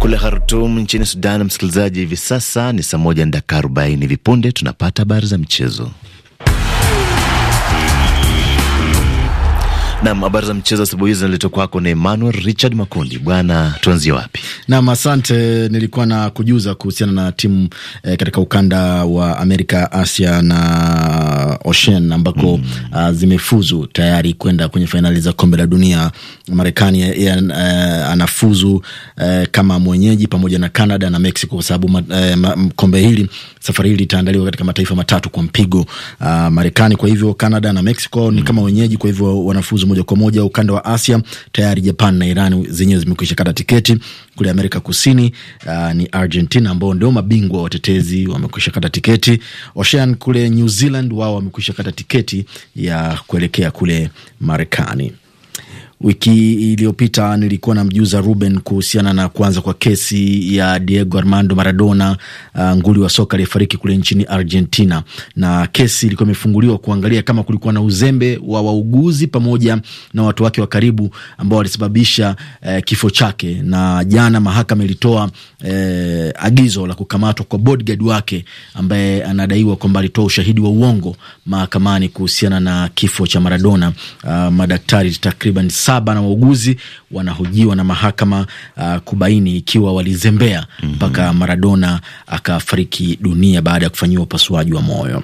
Kule Khartum nchini Sudan, msikilizaji, hivi sasa ni saa moja na dakika arobaini. Vipunde tunapata habari za michezo. Nam, habari za mchezo asubuhi hizi naletwa kwako na Emmanuel Richard Makundi. Bwana, tuanzie wapi? Nam, asante. Nilikuwa na kujuza kuhusiana na timu eh, katika ukanda wa Amerika, Asia na Ocean ambako mm, uh, zimefuzu tayari kwenda kwenye fainali za kombe la dunia. Marekani eh, eh, anafuzu eh, kama mwenyeji pamoja na Canada na Mexico kwa sababu eh, kombe hili safari hili litaandaliwa katika mataifa matatu kwa mpigo uh, Marekani kwa hivyo Canada na Mexico ni mm, kama wenyeji, kwa hivyo wanafuzu moja kwa moja ukanda wa Asia. Tayari Japan na Iran zenyewe zimekwisha kata tiketi. Kule Amerika Kusini uh, ni Argentina ambao ndio mabingwa watetezi, wamekwisha kata tiketi. Ocean kule New Zealand wao wamekwisha kata tiketi ya kuelekea kule Marekani. Wiki iliyopita nilikuwa namjuza Ruben kuhusiana na kuanza kwa kesi ya Diego Armando Maradona, uh, nguli wa soka aliyefariki kule nchini Argentina, na kesi ilikuwa imefunguliwa kuangalia kama kulikuwa na uzembe wa wauguzi pamoja na watu wake wa karibu ambao walisababisha uh, kifo chake. Na jana mahakama ilitoa uh, agizo la kukamatwa kwa bodyguard wake ambaye anadaiwa kwamba alitoa ushahidi wa uongo mahakamani kuhusiana na kifo cha Maradona. Uh, madaktari takriban saba na wauguzi wanahojiwa na mahakama uh, kubaini ikiwa walizembea mhm. mpaka mm -hmm. Maradona akafariki dunia baada ya kufanyiwa upasuaji wa moyo.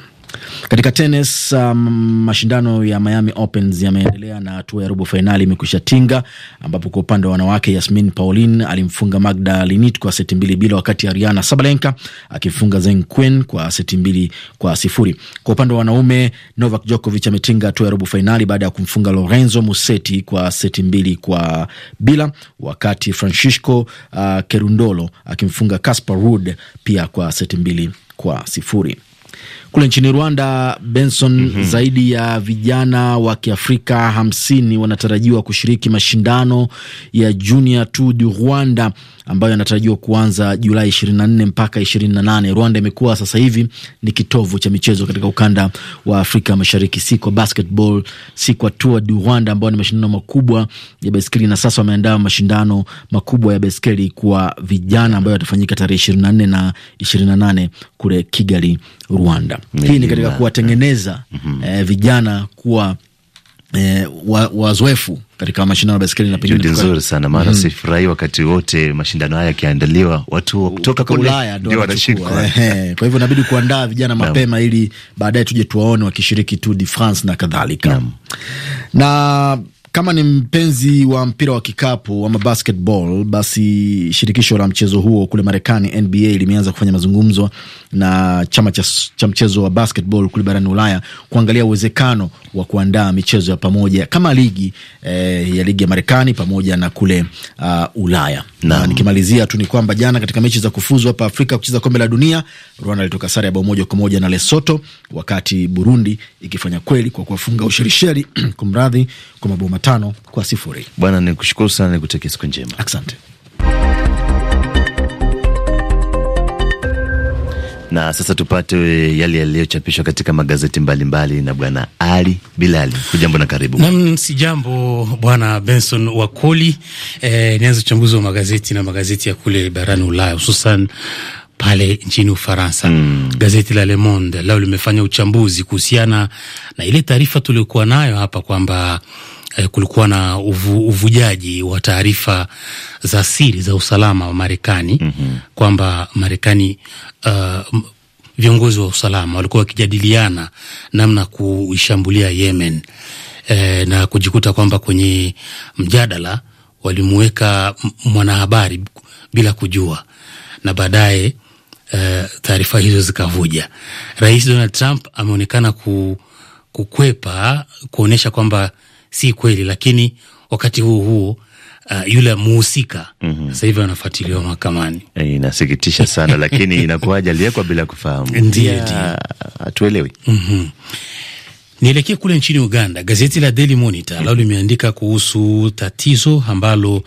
Katika tenis um, mashindano ya Miami Open yameendelea na hatua ya robo fainali imekwisha tinga, ambapo kwa upande wa wanawake Yasmin Paulin alimfunga Magda Linit kwa seti mbili bila, wakati Ariana Sabalenka akimfunga Zeng Quinn kwa seti mbili kwa sifuri. Kwa upande wa wanaume Novak Djokovic ametinga hatua ya robo fainali baada ya kumfunga Lorenzo Musetti kwa seti mbili kwa bila, wakati Francisco uh, Kerundolo akimfunga Casper Ruud pia kwa seti mbili kwa sifuri. Kule nchini Rwanda, Benson, mm -hmm. zaidi ya vijana wa Kiafrika hamsini wanatarajiwa kushiriki mashindano ya Junior Tour du Rwanda ambayo yanatarajiwa kuanza Julai 24 mpaka 28. Rwanda imekuwa sasa hivi ni kitovu cha michezo katika ukanda wa Afrika Mashariki, si kwa basketball, si kwa Tour du Rwanda ambayo ni mashindano makubwa ya baiskeli, na sasa wameandaa mashindano makubwa ya baiskeli kwa vijana ambayo yatafanyika tarehe 24 na 28 kule Kigali, Rwanda. Hii ni katika kuwatengeneza mm -hmm. eh, vijana kuwa Eh, wazoefu wa katika mashindano ya baiskeli na pengine nzuri sana maana mm. Sifurahi wakati wote mashindano haya yakiandaliwa watu kutoka Ulaya ndio wanashirikwa. Kwa hivyo inabidi kuandaa vijana mapema ili baadaye tuje tuwaone wakishiriki Tour de France na kadhalika na kama ni mpenzi wa mpira wa kikapu ama basketball, basi shirikisho la mchezo huo kule Marekani, NBA, limeanza kufanya mazungumzo na chama cha, cha mchezo wa basketball kule barani Ulaya kuangalia uwezekano wa kuandaa michezo ya pamoja kama ligi eh, ya ligi ya Marekani pamoja na kule uh, Ulaya na, na nikimalizia tu ni kwamba jana katika mechi za kufuzu hapa Afrika kucheza kombe la dunia, Rwanda ilitoka sare ya bao moja kwa moja na Lesotho, wakati Burundi ikifanya kweli kwa kuwafunga Ushelisheli kumradhi kwa mabao tano kwa sifuri. Bwana, ni kushukuru sana, ni nikutakia siku njema, asante. Na sasa tupate yale yaliyochapishwa katika magazeti mbalimbali mbali na bwana Ali Bilali. Hujambo na karibu. Nam, si jambo bwana Benson Wakoli. E, eh, nianza uchambuzi wa magazeti na magazeti ya kule barani Ulaya hususan pale nchini Ufaransa. Mm. Gazeti la Le Monde lao limefanya uchambuzi kuhusiana na ile taarifa tuliokuwa nayo hapa kwamba Eh, kulikuwa na uvu, uvujaji wa taarifa za siri za usalama wa Marekani mm -hmm. kwamba Marekani uh, viongozi wa usalama walikuwa wakijadiliana namna kuishambulia Yemen eh, na kujikuta kwamba kwenye mjadala walimuweka mwanahabari bila kujua na baadaye eh, taarifa hizo zikavuja. Rais Donald Trump ameonekana ku, kukwepa kuonyesha kwamba si kweli, lakini wakati huo huo Uh, yule muhusika mm -hmm. Sasa hivi anafuatiliwa mahakamani. Eh, inasikitisha sana lakini inakuwaje, aliwekwa bila kufahamu? Ndiyo, hatuelewi. mm -hmm. Nielekee kule nchini Uganda. Gazeti la Daily Monitor lao limeandika kuhusu tatizo ambalo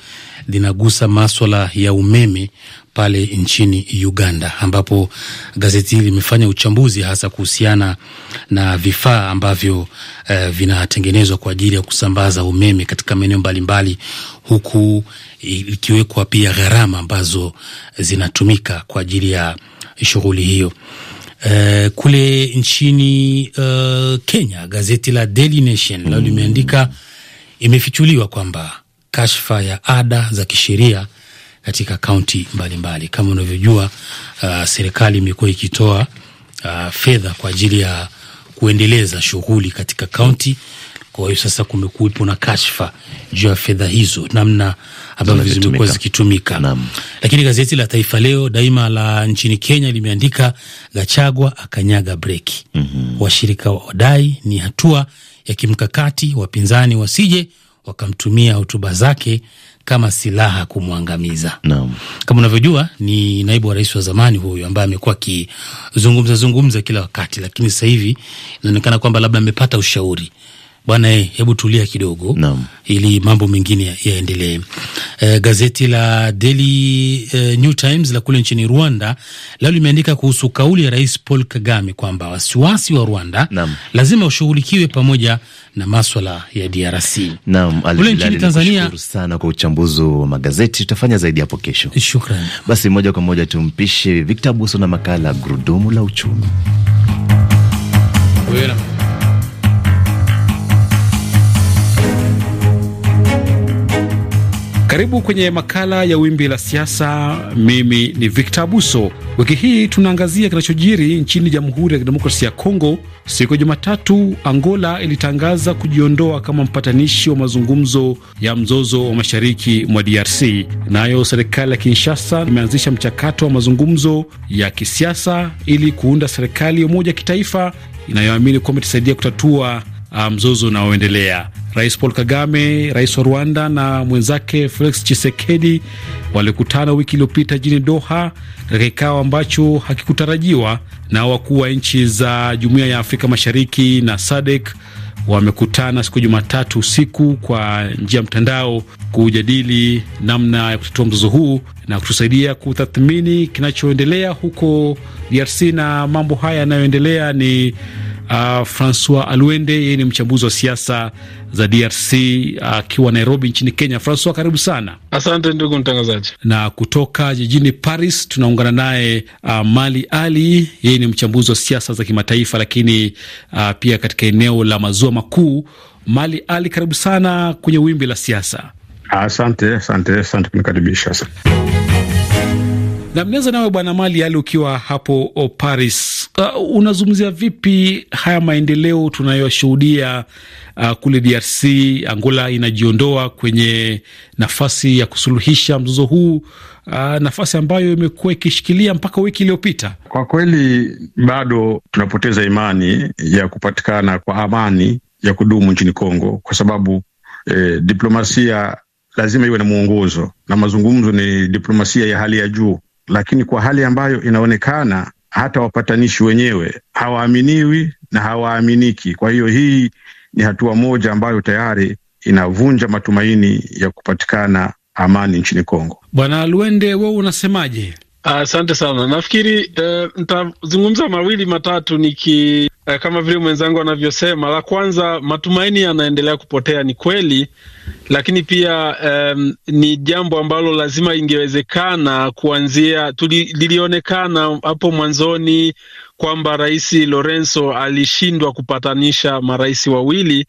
linagusa maswala ya umeme pale nchini Uganda, ambapo gazeti hili limefanya uchambuzi hasa kuhusiana na vifaa ambavyo uh, vinatengenezwa kwa ajili ya kusambaza umeme katika maeneo mbalimbali, huku ikiwekwa pia gharama ambazo zinatumika kwa ajili ya shughuli hiyo. Uh, kule nchini uh, Kenya, gazeti la Daily Nation lao mm. limeandika imefichuliwa kwamba kashfa ya ada za kisheria katika kaunti mbalimbali. Kama unavyojua, uh, serikali imekuwa ikitoa uh, fedha kwa ajili ya kuendeleza shughuli katika kaunti. Kwa hiyo sasa kumekuwepo na kashfa juu ya fedha hizo, namna ambavyo zimekuwa zikitumika. Lakini gazeti la Taifa Leo Daima la nchini Kenya limeandika Gachagua akanyaga breki, mm -hmm. washirika wadai ni hatua ya kimkakati, wapinzani wasije wakamtumia hotuba zake kama silaha kumwangamiza. Naam. Kama unavyojua ni naibu wa rais wa zamani huyu ambaye amekuwa akizungumza zungumza kila wakati, lakini sasa hivi inaonekana kwamba labda amepata ushauri bwana, hebu tulia kidogo Naam. ili mambo mengine yaendelee. E, gazeti la Daily e, New Times la kule nchini Rwanda leo limeandika kuhusu kauli ya Rais Paul Kagame kwamba wasiwasi wa Rwanda Naam. lazima ushughulikiwe pamoja na maswala ya DRC. Naam, kule nchini Tanzania sana kwa uchambuzi wa magazeti, tutafanya zaidi hapo kesho. Shukrani. Basi moja kwa moja tumpishe Victor Buso na makala Gurudumu la Uchumi. Karibu kwenye makala ya wimbi la siasa. Mimi ni Victor Abuso. Wiki hii tunaangazia kinachojiri nchini Jamhuri ya Kidemokrasia ya Kongo. Siku ya Jumatatu, Angola ilitangaza kujiondoa kama mpatanishi wa mazungumzo ya mzozo wa mashariki mwa DRC. Nayo serikali ya Kinshasa imeanzisha mchakato wa mazungumzo ya kisiasa ili kuunda serikali ya umoja wa kitaifa inayoamini kwamba itasaidia kutatua ah, mzozo unaoendelea. Rais Paul Kagame, rais wa Rwanda na mwenzake Felix Tshisekedi walikutana wiki iliyopita jini Doha katika kikao ambacho hakikutarajiwa, na wakuu wa nchi za Jumuiya ya Afrika Mashariki na SADC wamekutana siku Jumatatu usiku kwa njia ya mtandao kujadili namna ya kutatua mzozo huu na kutusaidia kutathmini kinachoendelea huko DRC. Na mambo haya yanayoendelea ni Uh, Francois Alwende yeye ni mchambuzi wa siasa za DRC akiwa uh, Nairobi nchini Kenya. Francois, karibu sana. Asante ndugu mtangazaji. Na kutoka jijini Paris tunaungana naye uh, Mali Ali, yeye ni mchambuzi wa siasa za kimataifa lakini uh, pia katika eneo la maziwa makuu. Mali Ali, karibu sana kwenye wimbi la siasa. Asante, asante, asante kunikaribisha. Na mnianza nawe Bwana Mali Yale, ukiwa hapo oh, Paris, uh, unazungumzia vipi haya maendeleo tunayoshuhudia uh, kule DRC? Angola inajiondoa kwenye nafasi ya kusuluhisha mzozo huu, uh, nafasi ambayo imekuwa ikishikilia mpaka wiki iliyopita. Kwa kweli bado tunapoteza imani ya kupatikana kwa amani ya kudumu nchini Kongo kwa sababu eh, diplomasia lazima iwe na mwongozo na mazungumzo ni diplomasia ya hali ya juu lakini kwa hali ambayo inaonekana hata wapatanishi wenyewe hawaaminiwi na hawaaminiki. Kwa hiyo hii ni hatua moja ambayo tayari inavunja matumaini ya kupatikana amani nchini Kongo. Bwana Luende, wewe unasemaje? Asante uh, sana. Nafikiri uh, ntazungumza mawili matatu niki eh, kama vile mwenzangu anavyosema, la kwanza, matumaini yanaendelea kupotea, ni kweli, lakini pia um, ni jambo ambalo lazima ingewezekana kuanzia. Lilionekana hapo mwanzoni kwamba Rais Lorenzo alishindwa kupatanisha marais wawili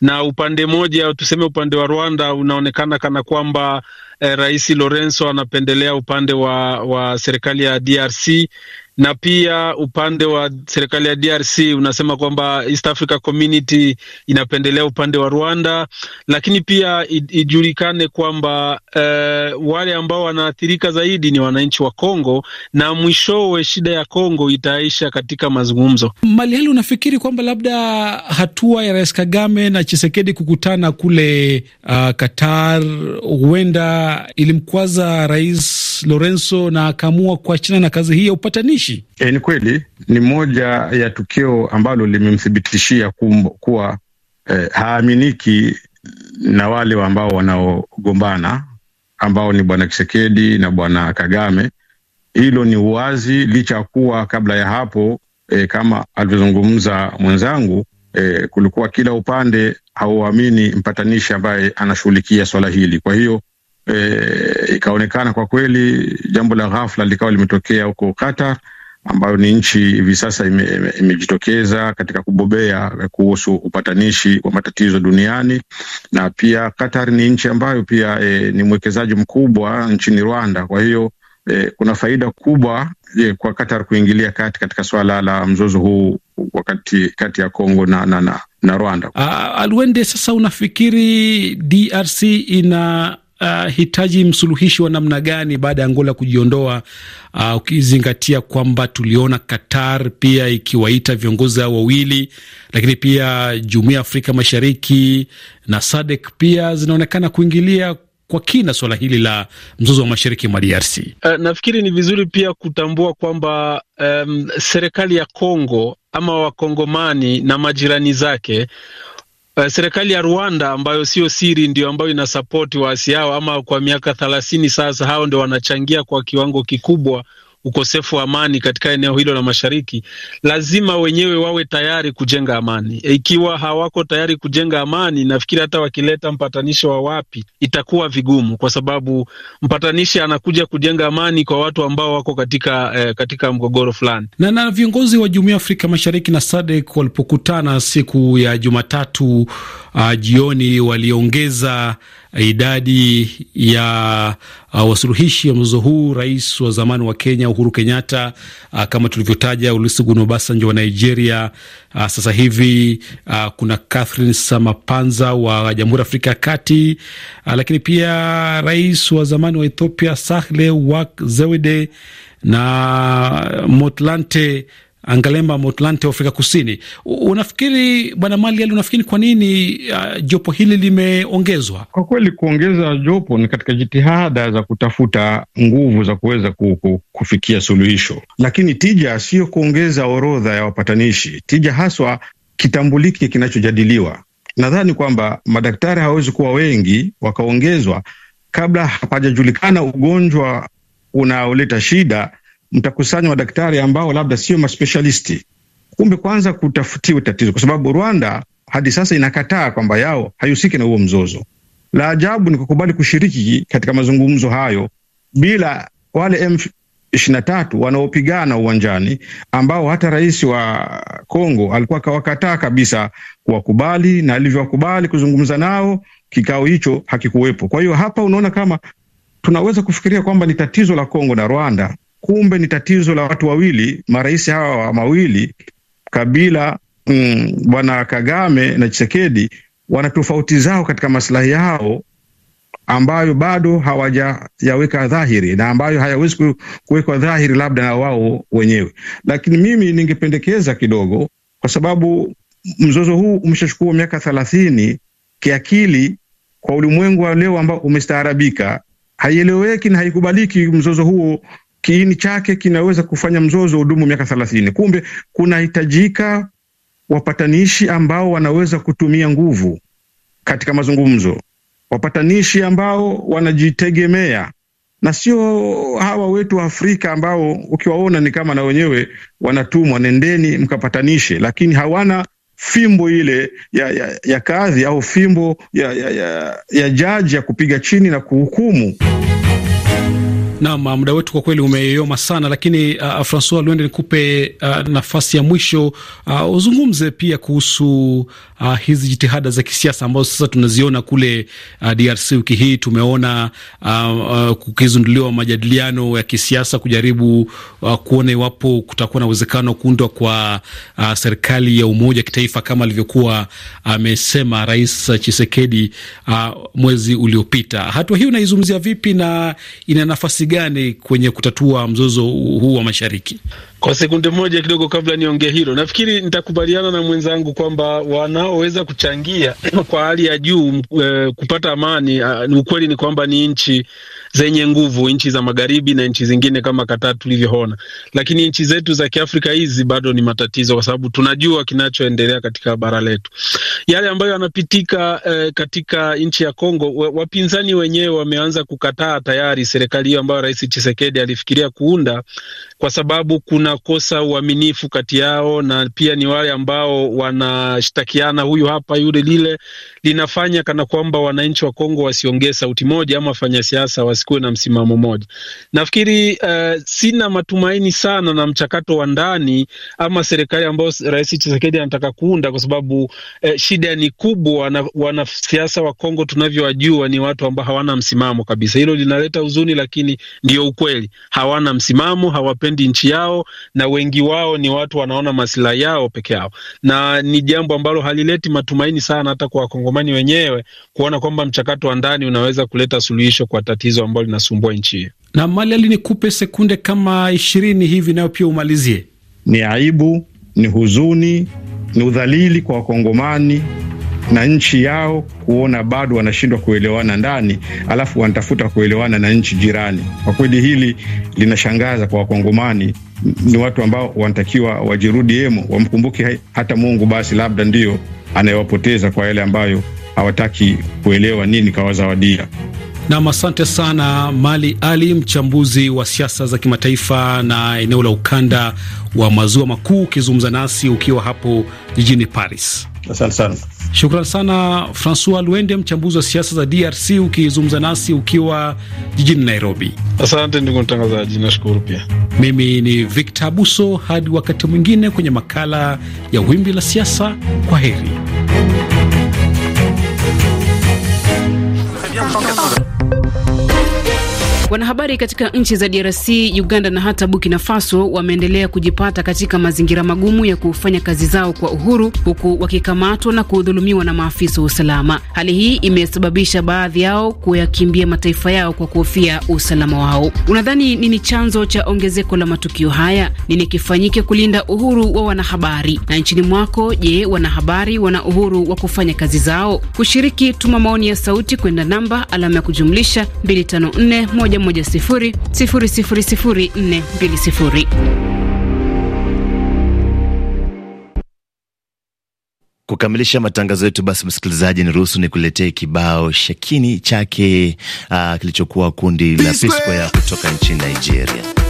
na upande mmoja tuseme upande wa Rwanda unaonekana kana kwamba eh, Rais Lorenzo anapendelea upande wa, wa serikali ya DRC na pia upande wa serikali ya DRC unasema kwamba East Africa Community inapendelea upande wa Rwanda, lakini pia ijulikane kwamba uh, wale ambao wanaathirika zaidi ni wananchi wa Kongo, na mwishowe shida ya Kongo itaisha katika mazungumzo. mali hali unafikiri kwamba labda hatua ya Rais Kagame na Chisekedi kukutana kule uh, Qatar huenda ilimkwaza Rais Lorenzo na akaamua kuachana na kazi hii ya upatanishi? nchi. E, ni kweli ni moja ya tukio ambalo limemthibitishia kuwa eh, haaminiki na wale ambao wanaogombana ambao ni bwana Kisekedi na bwana Kagame. Hilo ni uwazi, licha ya kuwa kabla ya hapo eh, kama alivyozungumza mwenzangu eh, kulikuwa kila upande hauamini mpatanishi ambaye anashughulikia swala hili. Kwa hiyo eh, ikaonekana kwa kweli jambo la ghafla likawa limetokea huko Qatar ambayo ni nchi hivi sasa imejitokeza ime, ime katika kubobea kuhusu upatanishi wa matatizo duniani, na pia Qatar ni nchi ambayo pia e, ni mwekezaji mkubwa nchini Rwanda. Kwa hiyo e, kuna faida kubwa e, kwa Qatar kuingilia kati katika swala la mzozo huu wakati kati ya Kongo na, na, na, na Rwanda. Ah, Alwende, sasa unafikiri DRC ina uh, hitaji msuluhishi wa namna gani baada ya Angola kujiondoa, uh, ukizingatia kwamba tuliona Qatar pia ikiwaita viongozi hao wawili, lakini pia Jumuiya ya Afrika Mashariki na SADC pia zinaonekana kuingilia kwa kina suala hili la mzozo wa mashariki mwa DRC. Uh, eh, nafikiri ni vizuri pia kutambua kwamba um, serikali ya Kongo ama wakongomani na majirani zake Uh, serikali ya Rwanda ambayo sio siri ndio ambayo inasapoti waasi hao ama kwa miaka thelathini sasa, hao ndio wanachangia kwa kiwango kikubwa ukosefu wa amani katika eneo hilo la mashariki, lazima wenyewe wawe tayari kujenga amani. Ikiwa hawako tayari kujenga amani, nafikiri hata wakileta mpatanishi wa wapi itakuwa vigumu, kwa sababu mpatanishi anakuja kujenga amani kwa watu ambao wako katika, eh, katika mgogoro fulani. Na, na viongozi wa Jumuiya Afrika Mashariki na SADC walipokutana siku ya Jumatatu uh, jioni waliongeza idadi ya uh, wasuluhishi wa mzozo huu, rais wa zamani wa Kenya Uhuru Kenyatta, uh, kama tulivyotaja, Olusegun Obasanjo wa Nigeria, uh, sasa hivi uh, kuna Catherine Samapanza wa Jamhuri ya Afrika ya Kati, uh, lakini pia rais wa zamani wa Ethiopia Sahle Work Zewde na Motlante Angalemba Motlante wa Afrika Kusini. Unafikiri bwana Mali Ali, unafikiri kwa nini uh, jopo hili limeongezwa? Kwa kweli kuongeza jopo ni katika jitihada za kutafuta nguvu za kuweza kufikia suluhisho, lakini tija siyo kuongeza orodha ya wapatanishi. Tija haswa kitambuliki kinachojadiliwa. Nadhani kwamba madaktari hawawezi kuwa wengi wakaongezwa kabla hapajajulikana ugonjwa unaoleta shida mtakusanya madaktari ambao labda sio maspeshalisti, kumbe kwanza kutafutiwe tatizo, kwa sababu Rwanda hadi sasa inakataa kwamba yao haihusiki na huo mzozo. La ajabu ni kukubali kushiriki katika mazungumzo hayo bila wale M23 wanaopigana uwanjani, ambao hata rais wa Kongo alikuwa kawakataa kabisa kuwakubali, na alivyowakubali kuzungumza nao kikao hicho hakikuwepo. Kwa hiyo hapa unaona kama tunaweza kufikiria kwamba ni tatizo la Kongo na Rwanda kumbe ni tatizo la watu wawili, marais hawa mawili Kabila, mm, bwana Kagame na Chisekedi wana tofauti zao katika maslahi yao ambayo bado hawajayaweka dhahiri na ambayo hayawezi kuwekwa dhahiri labda na wao wenyewe. Lakini mimi ningependekeza kidogo, kwa sababu mzozo huu umeshachukua miaka thelathini. Kiakili, kwa ulimwengu wa leo ambao umestaarabika, haieleweki na haikubaliki mzozo huo kiini chake kinaweza kufanya mzozo udumu miaka thelathini. Kumbe kunahitajika wapatanishi ambao wanaweza kutumia nguvu katika mazungumzo, wapatanishi ambao wanajitegemea na sio hawa wetu wa Afrika ambao ukiwaona ni kama na wenyewe wanatumwa, nendeni mkapatanishe, lakini hawana fimbo ile ya, ya, ya kazi au fimbo ya, ya, ya, ya jaji ya kupiga chini na kuhukumu. Naam, muda wetu kwa kweli umeyoma sana, lakini uh, uh Francois Luende, nikupe uh, nafasi ya mwisho uh, uzungumze pia kuhusu uh, hizi jitihada za kisiasa ambazo sasa tunaziona kule uh, DRC. Wiki hii tumeona uh, uh, kukizunduliwa majadiliano ya kisiasa kujaribu uh, kuona iwapo kutakuwa na uwezekano wa kuundwa kwa uh, serikali ya umoja wa kitaifa kama alivyokuwa amesema uh, Rais Chisekedi uh, mwezi uliopita. Hatua hii unaizungumzia vipi na ina nafasi gani kwenye kutatua mzozo huu wa mashariki? Kwa sekunde moja kidogo, kabla niongee hilo, nafikiri nitakubaliana na mwenzangu kwamba wanaoweza kuchangia kwa hali ya juu e, kupata amani, ukweli ni kwamba ni nchi zenye nguvu, nchi za magharibi na nchi zingine kama Katar tulivyoona, lakini nchi zetu za Kiafrika hizi bado ni matatizo, kwa sababu tunajua kinachoendelea katika bara letu, yale ambayo yanapitika e, katika nchi ya Kongo. Wapinzani wenyewe wameanza kukataa tayari serikali hiyo ambayo Rais Tshisekedi alifikiria kuunda, kwa sababu kuna wanakosa uaminifu kati yao, na pia ni wale ambao wanashtakiana huyu hapa yule lile, linafanya kana kwamba wananchi wa Kongo wasiongee sauti moja, ama siasa wasikuwe na msimamo moja Nafikiri uh, sina matumaini sana na mchakato wa ndani ama serikali ambayo Rais Tshisekedi anataka kuunda, kwa sababu uh, shida ni kubwa, na wanasiasa wa Kongo tunavyowajua ni watu ambao hawana msimamo kabisa. Hilo linaleta huzuni, lakini ndio ukweli, hawana msimamo, hawapendi nchi yao na wengi wao ni watu wanaona masilahi yao peke yao, na ni jambo ambalo halileti matumaini sana hata kwa wakongomani wenyewe kuona kwamba mchakato wa ndani unaweza kuleta suluhisho kwa tatizo ambalo linasumbua nchi hiyo. Na mali ali nikupe sekunde kama ishirini hivi, nayo pia umalizie. Ni aibu, ni huzuni, ni udhalili kwa wakongomani na nchi yao kuona bado wanashindwa kuelewana ndani, alafu wanatafuta kuelewana na nchi jirani. Kwa kweli hili linashangaza kwa wakongomani ni watu ambao wanatakiwa wajirudi yemo, wamkumbuke hata Mungu, basi labda ndiyo anayewapoteza kwa yale ambayo hawataki kuelewa nini kawazawadia. Nam, asante sana Mali Ali, mchambuzi wa siasa za kimataifa na eneo la ukanda wa maziwa makuu, ukizungumza nasi ukiwa hapo jijini Paris. Asante sana. Shukran sana Francois Luende, mchambuzi wa siasa za DRC, ukizungumza nasi ukiwa jijini Nairobi. Asante ndugu mtangazaji, nashukuru pia. Mimi ni Victor Abuso, hadi wakati mwingine kwenye makala ya Wimbi la Siasa. Kwa heri. Wanahabari katika nchi za DRC, Uganda na hata Burkina Faso wameendelea kujipata katika mazingira magumu ya kufanya kazi zao kwa uhuru, huku wakikamatwa na kudhulumiwa na maafisa wa usalama. Hali hii imesababisha baadhi yao kuyakimbia mataifa yao kwa kuhofia usalama wao. Unadhani nini chanzo cha ongezeko la matukio haya? Nini kifanyike kulinda uhuru wa wanahabari? Na nchini mwako, je, wanahabari wana uhuru wa kufanya kazi zao? Kushiriki, tuma maoni ya sauti kwenda namba alama ya kujumlisha 254 Kukamilisha matangazo yetu basi, msikilizaji, ni ruhusu ni kuletee kibao Shakini chake uh, kilichokuwa kundi la p ya kutoka nchini Nigeria.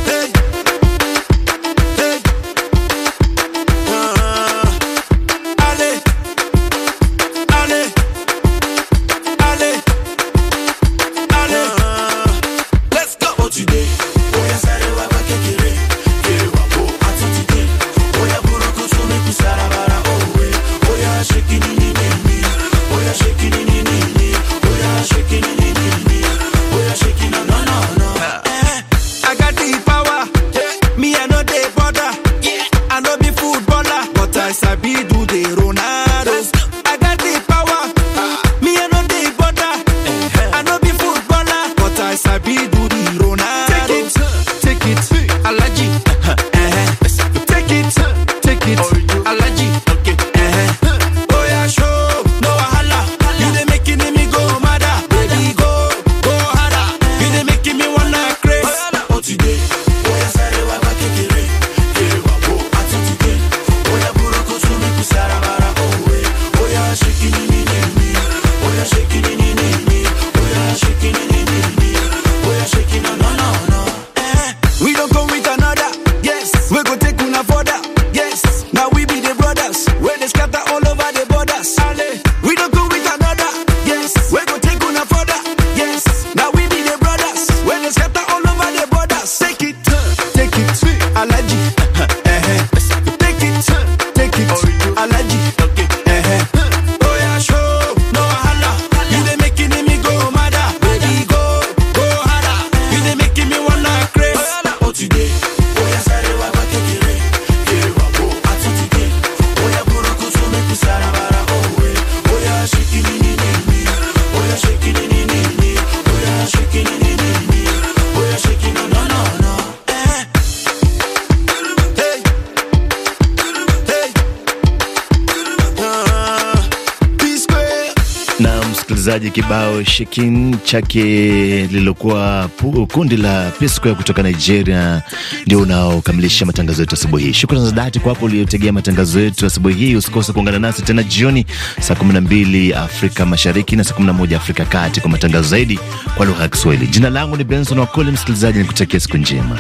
msikilizaji, kibao Shekin chake lililokuwa kundi la p kutoka Nigeria ndio unaokamilisha matangazo yetu asubuhi hii. Shukrani za dhati kwako uliotegea matangazo yetu asubuhi hii. Usikose kuungana nasi tena jioni saa 12 Afrika Mashariki na saa 11 Afrika Kati kwa matangazo zaidi kwa lugha ya Kiswahili. Jina langu ni Benson Wakoli. Msikilizaji, nikutakia siku njema.